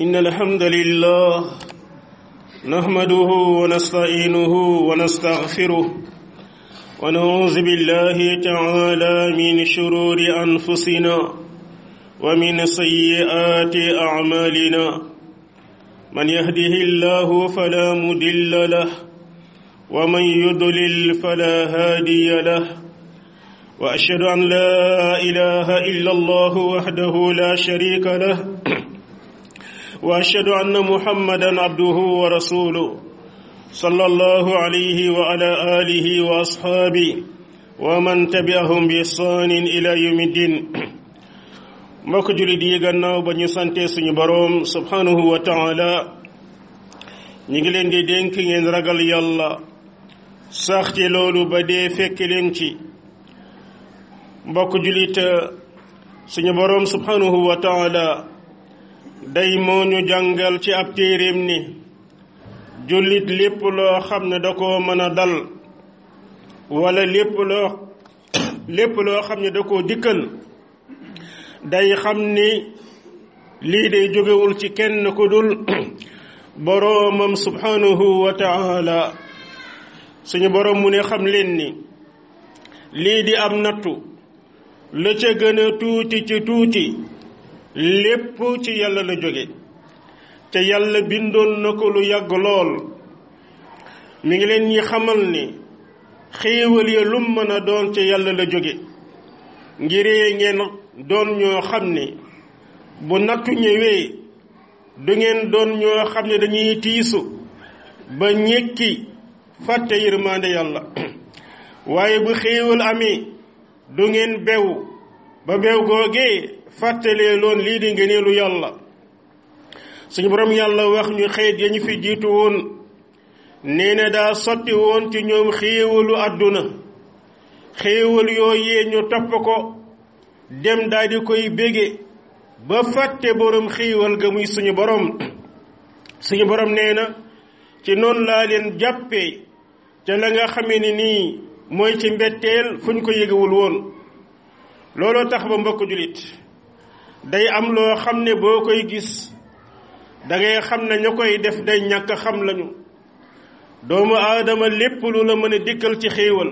إن الحمد لله نحمده ونستعينه ونستغفره ونعوذ بالله تعالى من شرور أنفسنا ومن سيئات أعمالنا من يهده الله فلا مدل له ومن يضلل فلا هادي له وأشهد أن لا إله إلا الله وحده لا شريك له واشهد ان محمدا عبده ورسوله صلى الله عليه وعلى اله واصحابه ومن تبعهم باحسان الى يوم الدين mbokk julit yi gannaaw ba ñu sante suñu boroom subhanahu wa taala ñi ngi leen di dénk ngeen ragal yàlla sax ci loolu ba dee fekk leen ci mbokk julit suñu boroom subhanahu wa taala day moo ñu jàngal ci ab téeréem ni jullit lépp loo xam ne da koo mën a dal walla lépp loo lépp loo xam ne da koo dikkal day xam ni lii day jógewul ci kenn ku dul boroomam subhanahu wa taala suñu boroom mu ne xam leen ni lii di am nattu la ca gën tuuti ci tuuti lépp ci yàlla la jóge te yàlla bindoon na ko lu yàgg lool mi ngi leen ñi xamal ni xéewal ya lum mën a doon ci yàlla la jóge ngiree ngeen doon ñoo xam ne bu nattu ñëwee du ngeen doon ñoo xam ne dañuy tiisu ba ñekki fàtte yërmande yàlla waaye bu xéewal amee du ngeen bew ba bew googee fàttale loon lii di ngeneelu yàlla suñu borom yàlla wax ñu xeet ya ñu fi jiitu woon nee na daa sotti woon ci ñoom xéewalu àdduna xéewal yooyee ñu topp ko dem daal koy bége ba fàtte borom xéewal ga muy suñu borom suñu borom nee na ci noonu laa leen jàppee te la nga xamee ni nii mooy ci mbetteel fu ñu ko yëgewul woon looloo tax ba mbokk jullit day am loo xam ne boo koy gis da xam ne ñu koy def day ñàkk xam lañu doomu aadama lépp lu la mën a dikkal ci xéewal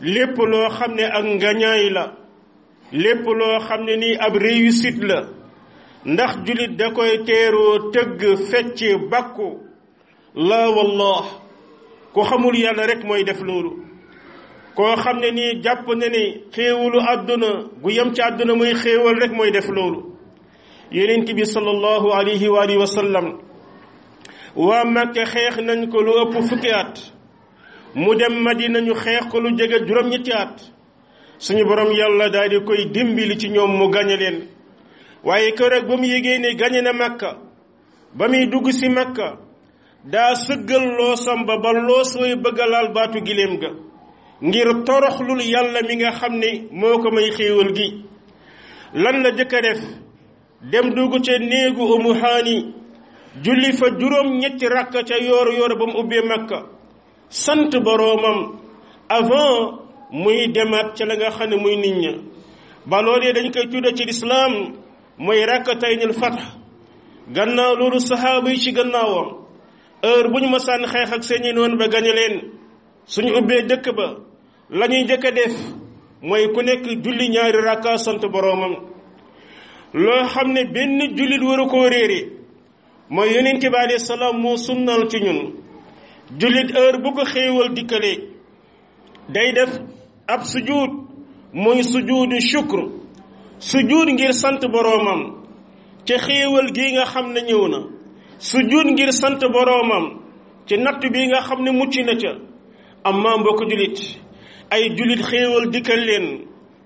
lépp loo xam ne ak ngañaay la lépp loo xam ne nii ab réussite la ndax jullit da koy teeroo tëgg fecc bàkku laa wallah ku xamul yàlla rek mooy def loolu koo xam ne ni jàpp na ni xéewalu àdduna gu yem ci àdduna muy xéewal rek mooy def loolu yonent bi sallallahu alayhi wa alihi wa sallam waa Makka xeex nañ ko lu ëpp fukki at mu dem Madina ñu xeex ko lu jege juróom-ñetti at suñu borom yàlla daal di koy dimbali ci ñoom mu gañe leen waaye keroog ba mu yégee ne gañe na Makka ba muy dugg ci Makka daa sëggal loosam ba ba loos way bëgg laal baatu gileem ga ngir toroxlul yàlla mi nga xam ne moo ko may xéewal gi lan la jëkk def dem dugg ca néegu umu haani julli fa juróom ñetti rakk ca yoor yoor ba mu ubbee makka sant boroomam avant muy demaat ca la nga xam ne muy nit ña ba loolee dañ koy tudda ci lislaam mooy rakk taynil fatx gannaaw loolu sahaaba yi ci gannaawam heure bu ñu masaan xeex ak seeni noonu ba gañe leen suñu ubbee dëkk ba lañuy ñuy njëkk a def mooy ku nekk julli ñaari rakka sant boroomam loo xam ne benn jullit waru koo réere mooy yeneen bi alayhi salaam moo sunnal ci ñun jullit heure bu ko xéewal dikkalee day def ab sujuud mooy sujuudu shukr sujuud ngir sant boroomam ci xéewal gi nga xam ne ñëw na sujuud ngir sant boroomam ci natt bi nga xam ne mucc na ca amma ko jullit ay jullit xéewal dikkal leen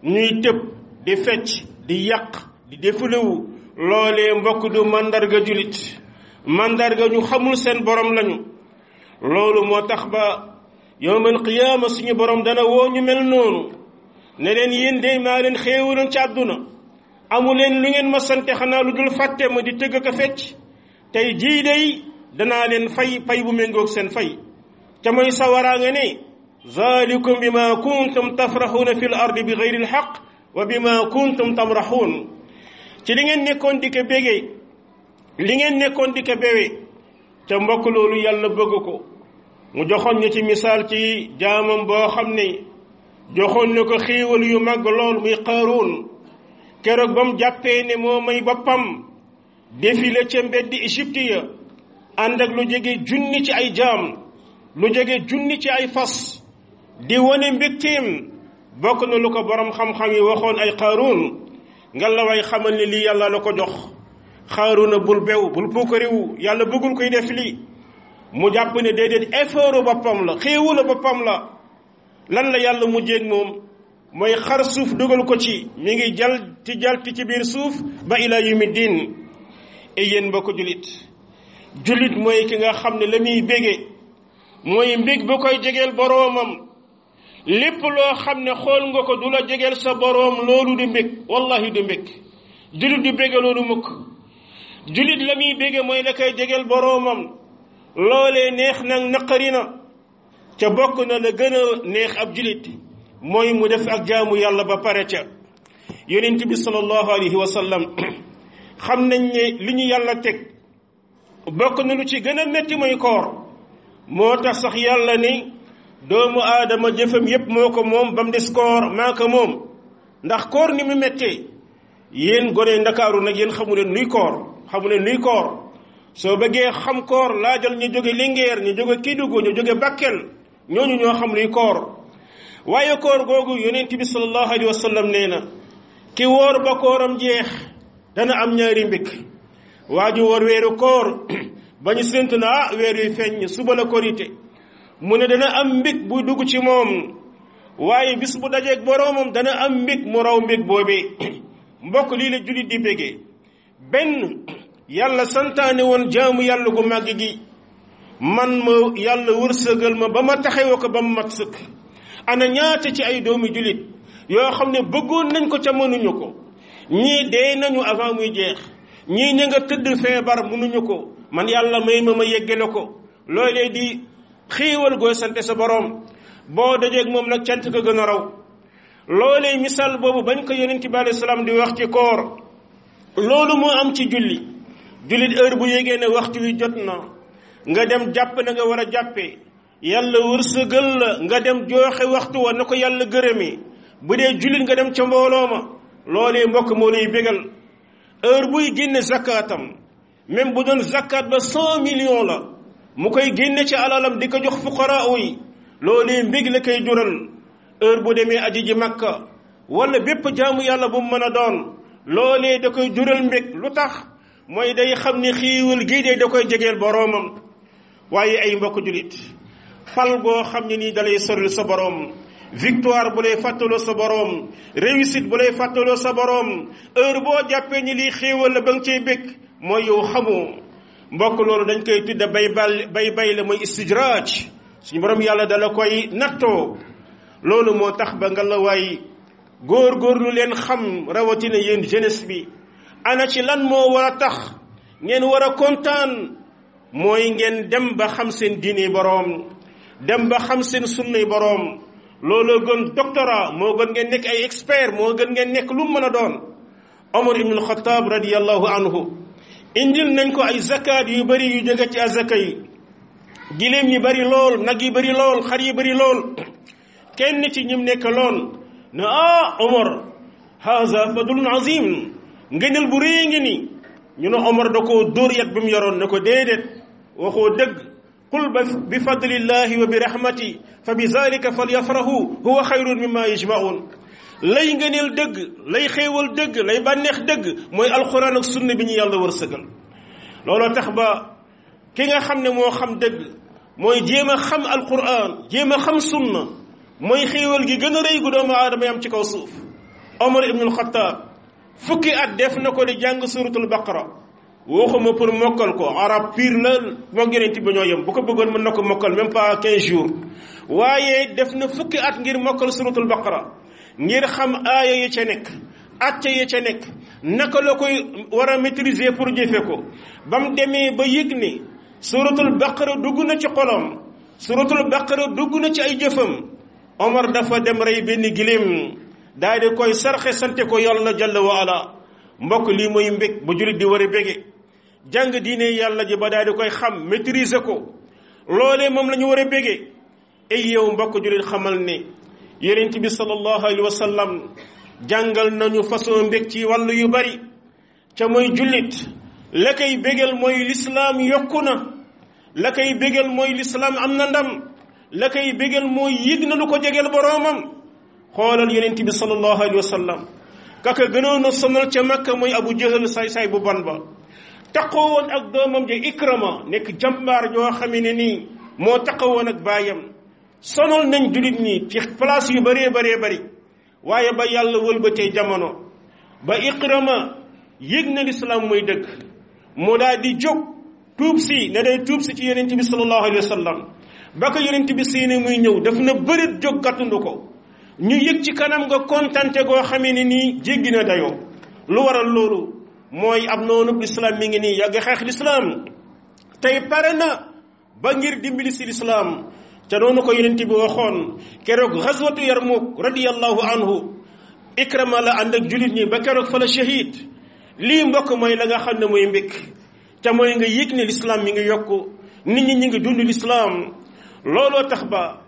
ñuy tëb di fecc di yàq di défalewu loolee mbokk du màndarga jullit màndarga ñu xamul seen borom lañu loolu moo tax ba yowmal qiyaama suñu borom dana woo ñu mel noonu ne leen yéen dey maa leen xéewaloon ci àdduna amu leen lu ngeen ma sante xanaa lu dul fàtte ma di tëgg ak a fecc tey jii day danaa leen fay pay bu méngoog seen fay te mooy sawaraa nga ne ذلكم بما كنتم تفرحون في الأرض بغير الحق وبما كنتم تمرحون تلين نكون ديك بيجي لين نكون ديك بيجي تنبقوا لولو يالا بغوكو مجخون نتي مثال تي جامن بو خمني جخون نكو خيول يمغ لول مي قارون كيرو بام جابي ني مومي بوبام ديفيلي تي مبدي ايجيبتي اندك لو جيجي جوني تي اي جام لو جيجي جوني تي اي فاس di wane mbégteem bokk na lu ko borom xam-xam yi waxoon ay xaaruun ngallaawaay xamal ni lii yàlla la ko jox xaaruuna bul bew bul puukariwu yàlla bëggul koy def lii mu jàpp ne déedéet effort boppam la xéewalu boppam la lan la yàlla mu mujjéeg moom mooy xar suuf dugal ko ci mi ngi jalti jalti ci biir suuf ba ila yumi diin et yéen mbokk jullit jullit mooy ki nga xam ne la muy bége mooy mbég ba koy jegeel boroomam lépp loo xam ne xool nga ko du la jegeel sa boroom loolu di mbég wallahi du mbég jullit di bége loolu mukk jullit la muy bége mooy la koy jegeel boroomam loolee neex nag naqari na ca bokk na la gën a neex ab jullit mooy mu def ak jaamu yàlla ba pare ca yonent bi sallallahu alayhi wa xam nañ ne li ñu yàlla teg bokk na lu ci gën a métti mooy koor moo tax sax yàlla ni doomu aadama jëfam yépp moo ko moom ba mu des koor maa ko moom ndax koor ni mu méttee yéen gone ndakaaru nag yéen xamu leen nuy koor xamu leen nuy koor soo bëggee xam koor laajal ñu jóge Linguère ñu jóge Kédougou ñu jóge Bakel ñooñu ñoo xam luy koor waaye koor googu yonent bi sallallahu alayhi wa sallam nee na ki woor ba kooram jeex dana am ñaari mbikk waa ju woor weeru koor ba ñu séntu na ah feeñ suba la korité mu ne dana am mbég buy dugg ci moom waaye bis bu dajeeg boroomam dana am mbég mu raw mbég boobee mbokk lii la jullit di bégee benn yàlla santaane woon jaamu yàlla gu màgg gi man ma yàlla wërsëgal ma ba ma taxewoo ko ba mu mat sëkk ana ñaata ci ay doomi jullit yoo xam ne bëggoon nañ ko ca mënuñu ko ñii dee nañu avant muy jeex ñii ña nga tëdd feebar mënuñu ko man yàlla may ma ma yeggale ko loolee di xéewal gooy sante sa borom boo dajeeg moom nag cant ko gën a raw loolee misaal boobu bañ ko yonent bi salaam di wax ci koor loolu moo am ci julli jullit heure bu yégee ne waxtu wi jot na nga dem jàpp na nga war a jàppee yàlla wërsëgal la nga dem jooxe waxtu wa na ko yàlla gërëmee bu dee jullit nga dem ca mbooloo ma loolee mbokk moo lay bégal heure buy génne zakkaatam même bu doon zakkaat ba cent la mu koy génne ci alalam di ko jox fuqara yi loolee mbég la koy jural heure bu demee aji ji makka wala bépp jaamu yàlla bu mu mën a doon loolee da koy jural mbég lu tax mooy day xam ni xiiwal gii da koy jegel boroomam waaye ay mbokk julit fal boo xam ne nii dalay soril sa boroom victoire bu lay fàttaloo sa boroom réussite bu lay fàttaloo sa boroom heure boo jàppee ni lii xéewal la ba nga cay bég mooy yow xamoo mbokk loolu dañ koy tudde bay bal bay bay la muy istijraaj suñu borom yàlla dala koy nattoo loolu moo tax ba nga la waay góor-góorlu leen xam rawatina yéen jeunesse bi ana ci lan moo war a tax ngeen war a kontaan mooy ngeen dem ba xam seen diine boroom dem ba xam seen sunnay boroom looloo gën doctorat moo gën ngeen nekk ay expert moo gën ngeen nekk lu mën a doon Omar ibnul Xataab radiyallahu anhu indil nañ ko ay zakat yu bari yu jóge ci azaka yi giléem yi bari lool nag yi bari lool xar yi bari lool kenn ci ñim nekk loon na a omar haza fadlun azim ngënal bu réy ngi ni ñu ne omar da ko dóor yat bi mu yoroon ne ko déedéet waxoo dëgg qul bi fadlillahi wa bi rahmati fa bi zalika falyafrahu huwa xayrun mimma yajmaun lay ngeenel deug lay xewal deug lay banex deug moy alquran ak sunna bi ñu yàlla wërsëgal lolo tax ba ki nga xamne mo xam deug moy jema xam alquran jema xam sunna moy xewal gi gëna reey gu doomu adam yam ci kaw suuf umar ibn al-khattab fukki at def nako li jàng suratul baqara waxuma pour mokal ko arab pire la mo ngeen ba ñoo yam bu ko bëggoon mën nako mokal même pas 15 jours waye def na fukki at ngir mokal suratul baqara ngir xam aaya yi ca nekk acca yi ca nekk naka la koy war a pour jëfe ko ba mu demee ba yëg ni suratul baqara dugg na ci xolom suratul baqara dugg na ci ay jëfam omar dafa dem rey benn giléem daal di koy sarxe sante ko yàlla jalla wa ala mbokk lii mooy mbég ba jullit di war a bége jàng diine yàlla ji ba daal koy xam maîtriser ko loolee moom la ñu war a bége ay yow mbokk jullit xamal ni yenent bi sallallahu alayhi wa sallam jàngal nañu façon mbég ci wàll yu bari ca mooy jullit la koy bégal mooy lislaam yokku na la koy bégal mooy lislaam am na ndam la koy bégal mooy yëg na lu ko jegeel boroomam xoolal yenent bi sallallahu alayhi wa sallam kaka gënoon a sonal ca makka mooy abu jahal say say bu ban ba taqoo ak doomam ja ikrama nekk jàmbaar joo xamee ne nii moo taqawoon ak baayam sonal nañ jullit ñi ci place yu bëree bëree bari waaye ba yàlla wëlbatee jamono ba iqrama yëg na lislaam mooy dëgg mu daal di jóg tuub si ne day tuub si ci yonent bi sallallahu alayhi wa sallam ba ko yonent bi seeni muy ñëw daf na bërit jóg gàttundu ko ñu yëg ci kanam nga kontante goo xamee ne nii jéggi na dayoo lu waral loolu mooy ab noonu lislaam mi ngi nii yàgg xeex lislaam tey pare na ba ngir dimbali si lislaam te noonu ko yonent bi waxoon keroog xaswatu yarmuk radiyallahu anhu ikrama la ànd ak julit ñi ba keroog fa la shahid lii mbokk mooy la nga xam ne mooy mbékk te mooy nga yëg ne lislaam mi ngi yokk nit ñi ñi ngi dund lislaam looloo tax ba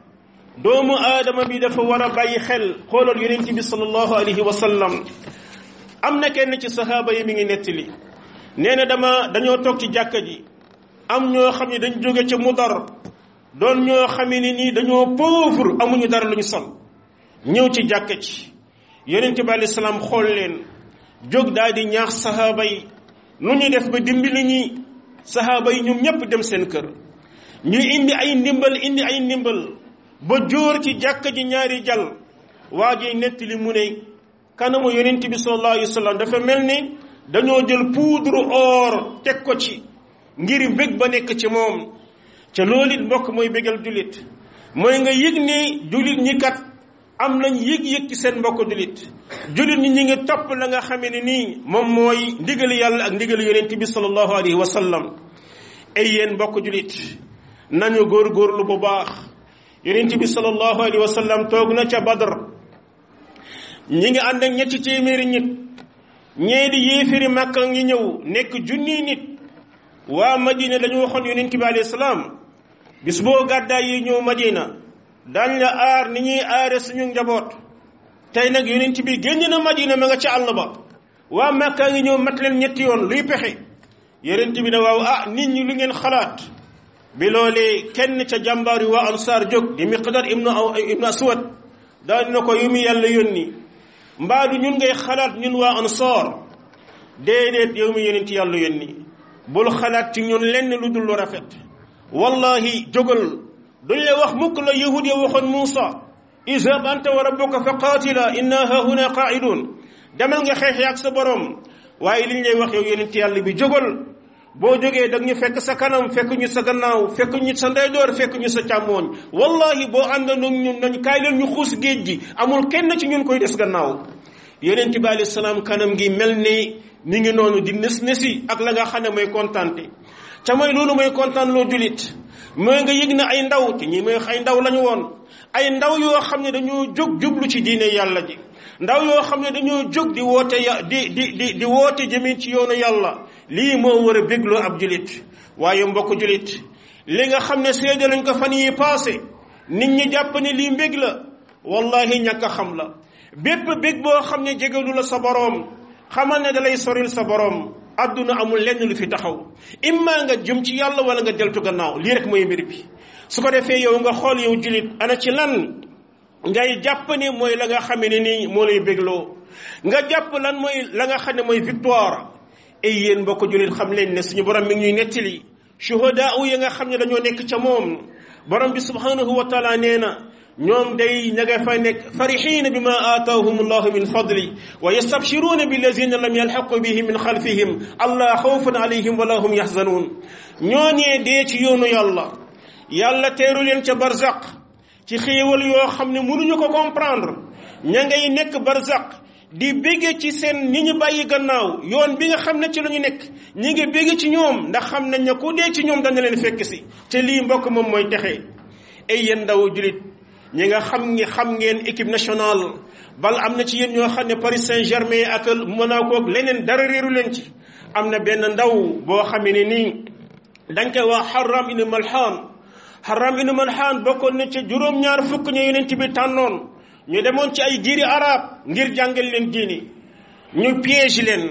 doomu aadama bi dafa war a bàyyi xel xoolool yonent bi salallahu alayhi wa sallam am na kenn ci sahaaba yi mi ngi nettali nee na dama dañoo toog ci jàkka ji am ñoo xam ne dañ jóge ca mudar doon ñoo xamee ni nii dañoo pauvre amuñu dara lu ñu sol ñëw ci jàkka ji yonent bi aleyhi salaam xool leen jóg daal ñaax sahaaba yi nu ñu def ba dimbali ñi sahaaba yi ñoom ñëpp dem seen kër ñu indi ay ndimbal indi ay ndimbal ba jóor ci jàkka ji ñaari jàll waa ji nettali mu ne kanamu yonent bi sallallahu alayhi wa dafa mel ni dañoo jël poudre or teg ko ci ngir mbég ba nekk ci moom ca lool it mbokk mooy bégal jullit mooy nga yëg ni jullit ñi kat am nañ yëg-yëg ci seen mbokk jullit jullit ñi ñi ngi topp la nga xame ne nii moom mooy ndigal yàlla ak ndigal yonent bi sallallahu alayhi wa sallam ay yéen mbokk jullit nañu lu bu baax yonent bi sallallahu alayhi wa sallam toog na ca Badr ñi ngi ànd ak ñetti téeméeri nit ñee di yéefiri màkka ngi ñëw nekk junniy nit waa Madina dañu waxoon yonent bi alayhi salaam bis boo gàddaay yi ñëw madina dañ la aar ni ñuy aare suñu njaboot tey nag yonent bi génn na madina ma nga ca àll ba waa Makka ngi ñëw mat leen ñetti yoon luy pexe yonent bi ne waaw ah nit ñi lu ngeen xalaat bi loolee kenn ca jàmbaar yi waa ansaar jóg di miqdar ibnu ibnu aswad daañu na ko yu mu yàlla yónni mbaadu ñun ngay xalaat ñun waa ansaar déedéet yow mi yonent yàlla yónni bul xalaat ci ñun lenn lu dul lu rafet wallahi jógal duñ la wax mukk la yahud ya waxoon Muusa izhab anta wa rabbuka fa qaatila inna hahuna qaaidun demal nga xeex ak sa borom waaye liñ lay wax yow yonent yàlla bi jógal boo jógee dag ñu fekk sa kanam fekk ñu sa gannaaw fekk ñu sa ndeydoor fekk ñu sa càmmooñ wallahi boo ànd nañ nañ kaay leen ñu xuus géej gi amul kenn ci ñun koy des gannaaw yonent bi alayhi salaam kanam gi mel ni mi ngi noonu di nës ak la nga xam ne mooy kontante ca mooy loolu mooy kontaan loo julit mooy nga yëg ne ay ndaw te ñi mooy ay ndaw lañu woon ay ndaw yoo xam ne dañoo jóg jublu ci diine yàlla ji ndaw yoo xam ne dañoo jóg di woote ya di di di di woote jëmin ci yoonu yàlla lii moo war a bégloo ab julit waaye mbokk julit li nga xam ne seede lañ ko fan yi passé nit ñi jàpp ne lii mbég la wallahi ñàkk a xam la bépp bég boo xam ne jégalu la sa boroom xamal ne dalay soril sa boroom àdduna amul lenn lu fi taxaw imma nga jëm ci yàlla wala nga deltu gannaaw lii rek mooy mbir bi su ko defee yow nga xool yow jullit ana ci lan ngay jàpp ne mooy la nga xamee ne nii moo lay bégloo nga jàpp lan mooy la nga xam ne mooy victoire ay yéen mbokk jullit xam leen ne suñu borom mi ngi ñuy nettali shuhadaa ya nga xam ne dañoo nekk ca moom borom bi subhanahu wa nee na ñoom day ña nga fa nekk farixina bima aatahum allahu min fadli wa yastabshiruna billazina lam yalxaqu bihim min xalfihim allah xawfun alayhim wala hum yaxzanuun ñooñee dee ci yoonu yàlla yàlla teeru leen ca barzaq ci xéewal yoo xam ne mënuñu ko comprendre ña ngay nekk barzaq di bégge ci seen ñi ñu bàyyi gannaaw yoon bi nga xam ne ci la ñu nekk ñi ngi bégge ci ñoom ndax xam nañ ne ku dee ci ñoom dana leen fekk si te lii mbokk moom mooy texe ay yéen ndaw julit ñi nga xam ngi xam ngeen équipe nationale bal am na ci yéen ñoo xam ne Paris Saint-Germain ak Monaco ak leneen dara réeru leen ci am na benn ndaw boo xam ne nii dañ koy wax Haram ibn Malhan Haram ibn Malhan bokkoon na ci juróom-ñaar fukk ñu yonent bi tànnoon ñu demoon ci ay giiri arab ngir jàngal leen diini ñu piège leen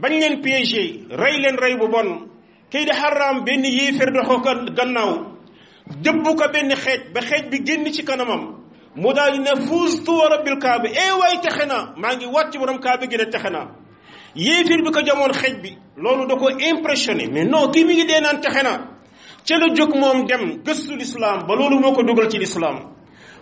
bañ leen piégé rey leen rey bu bon kii di Haram benn yéeféer doxoo ko gannaaw dëbb ko benn xeej ba xeej bi génn ci kanamam mu daal di ne fuustu wa rabbil kaaba ee waay texe naa maa ngi wàcc borom kaaba gi ne texe naa yéefir bi ko jamoon xeej bi loolu da ko impressionné mais noo kii mi ngi dee naan texe na ca la jóg moom dem gëstu lislaam ba loolu moo ko dugal ci lislaam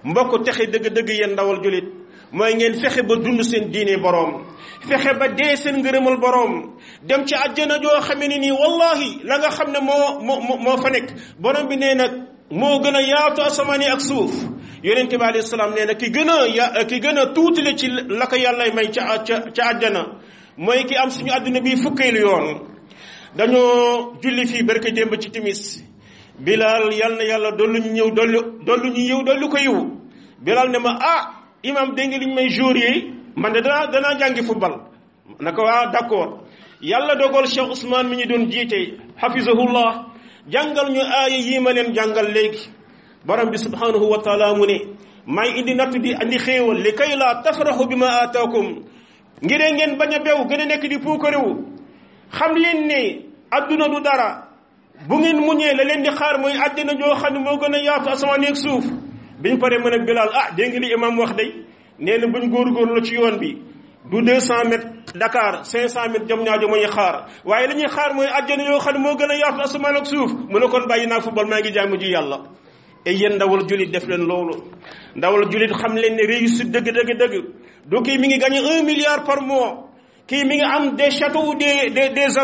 mbokk texe dëgg-dëgg yéen ndawal jullit mooy ngeen fexe ba dund seen diine borom fexe ba dee seen ngërëmal boroom dem ci àjjana joo xame ne nii wallahi la nga xam ne moo moo moo fa nekk borom bi nee nag moo gën a yaatu asamaan yi ak suuf yonente bi alayhi salaam nee na ki gën a ya ki gën a tuutale ci lakk ko yàlla may ca ca ca àjjana mooy ki am suñu àdduna bi fukkeelu yoon dañoo julli fii barke démb ci timis bilaal yal na yàlla dollu ñu ñëw dollu dollu ñu yiw lu ko yiw bilaal ne ma ah imam dégg nga liñ may jour yi man de dana danaa jàngi football naka ah, waa d'accord yàlla dogal Cheikh Ousmane mi ñu doon jiite hafizahullah jàngal ñu aaya yii leen jàngal léegi borom bi subhanahu wa taala mu ne may indi nattu di andi xéewal li kay laa tafraxu bi ma aataakum ngiree ngeen bañ a bew gën a nekk di puukarewu xam leen ne adduna du dara bu ngeen muñee la leen di xaar mooy àddina joo xam ne moo gën a yaatu asamaan ak suuf biñ pare mën a bilaal ah dégg ngi li imaam wax day nee na buñ góorgóorlu ci yoon bi du 200 mètres Dakar 500 mètres jam ñaajo mooy xaar waaye li xaar mooy àjjana yoo xam ne moo gën a yaatu asamaan ak suuf mu ne kon bàyyi naa football maa ngi jaamu ji yàlla e yéen ndawal julit def leen loolu ndawal julit xam leen ne réussite dëgg dëgg dëgg du kii mi ngi gagné un milliard par mois kii mi ngi am des châteaux ou des des des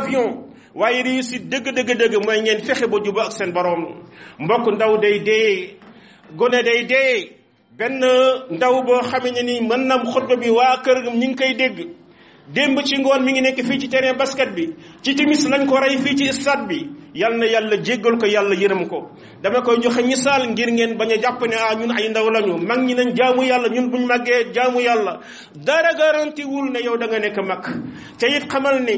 waaye réussite dëgg dëgg dëgg mooy ngeen fexe ba juba ak seen borom mbokk ndaw day dee gone day dee benn ndaw boo xamee ne ni mën nam xutba bi waa kër ñu ngi koy dégg démb ci ngoon mi ngi nekk fii ci terrain basket bi ci timis lañ ko rey fii ci stade bi yal na yàlla jéggal ko yàlla yërëm ko dama koy joxe misaal ngir ngeen bañ a jàpp ne ah ñun ay ndaw lañu mag ñi nañ jaamu yàlla ñun bu buñ màggee jaamu yàlla dara garanti wul ne yow da nga nekk mag te it xamal ni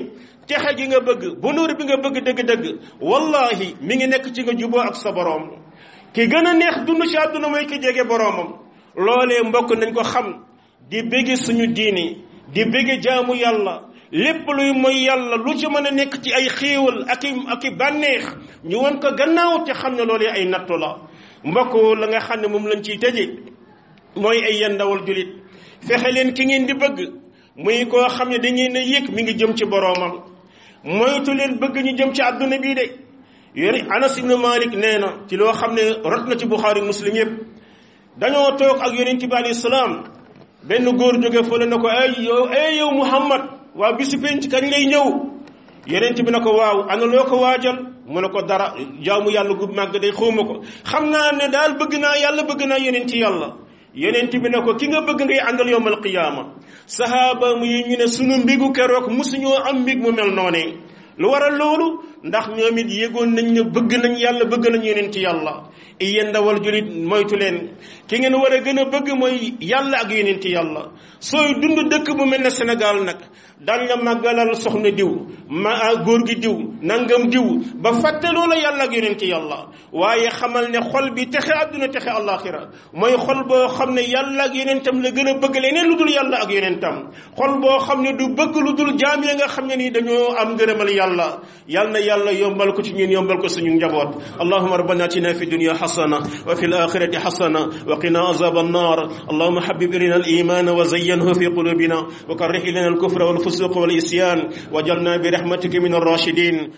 texe gi nga bëgg bonheur bi nga bëgg dëgg-dëgg wallahi mi ngi nekk ci nga juboo ak sa boroom ki a neex dund boroomam loolee mbokk nañ ko xam di bëgge suñu diini di bëgge jaamu yàlla lépp luy mooy yàlla lu ci mën a nekk ci ay xéewal ak i ak i bànneex ñu wan ko gannaaw te xam ne loolee ay nattu la mbokk la nga xam ne moom lañ ciy tëje mooy ay yendawal julit fexe leen ki ngeen di bëgg muy koo xam ne dangeen a yëg mi ngi jëm ci boroomam moytu leen bëgg ñu jëm ci àdduna bii de yéen Anas ibnu Malik nee na ci loo xam ne rot na ci Buxaari muslim yépp dañoo toog ak yonent bi alayhi salaam benn góor jóge fële na ko ay yow ay yow Muhammad waa bisu penc kañ lay ñëw yonent bi na ko waaw ana loo ko waajal mu ne ko dara jaamu yàlla gu màgg de xawma ko xam naa ne daal bëgg naa yàlla bëgg naa yonent yàlla yonent bi ne ko ki nga bëgg ngay àndal yowmal qiyaama sahaaba mu yi ñu ne sunu mbigu keroog musuñoo am mbig mu mel noonee lu a loolu ndax ñoom it yëgoon nañu ne bëgg nañ yàlla bëgg nañ yonent yàlla yéen ndawal julit moytu leen ki ngeen war a gën a bëgg mooy yàlla ak yonent yàlla sooy dund dëkk bu mel ne Sénégal nag daan magalal soxna diw ma gor gi diw nangam diw ba fàttaloo la yàlla ak yonenti yàlla waye xamal ne xol bi texe aduna texe alakhirah moy xol bo xamne yàlla ak yonentam la gën a bëgg leneen luddul yàlla ak yonentam xol bo xamne du bëgg luddul dul jaam nga xamne ni nii dañoo am ngërëmal yàlla yalla yàlla yombal ko ci ñeen yombal ko suñu njaboot allahumma rabbana atina fi dunya hasana wa fil akhirati hasana wa qina azab annar allahuma habib al iman wa zayyinhu fi qulubina wa karrih ilina alkufra والفسوق الفسوق والعصيان وجعلنا برحمتك من الراشدين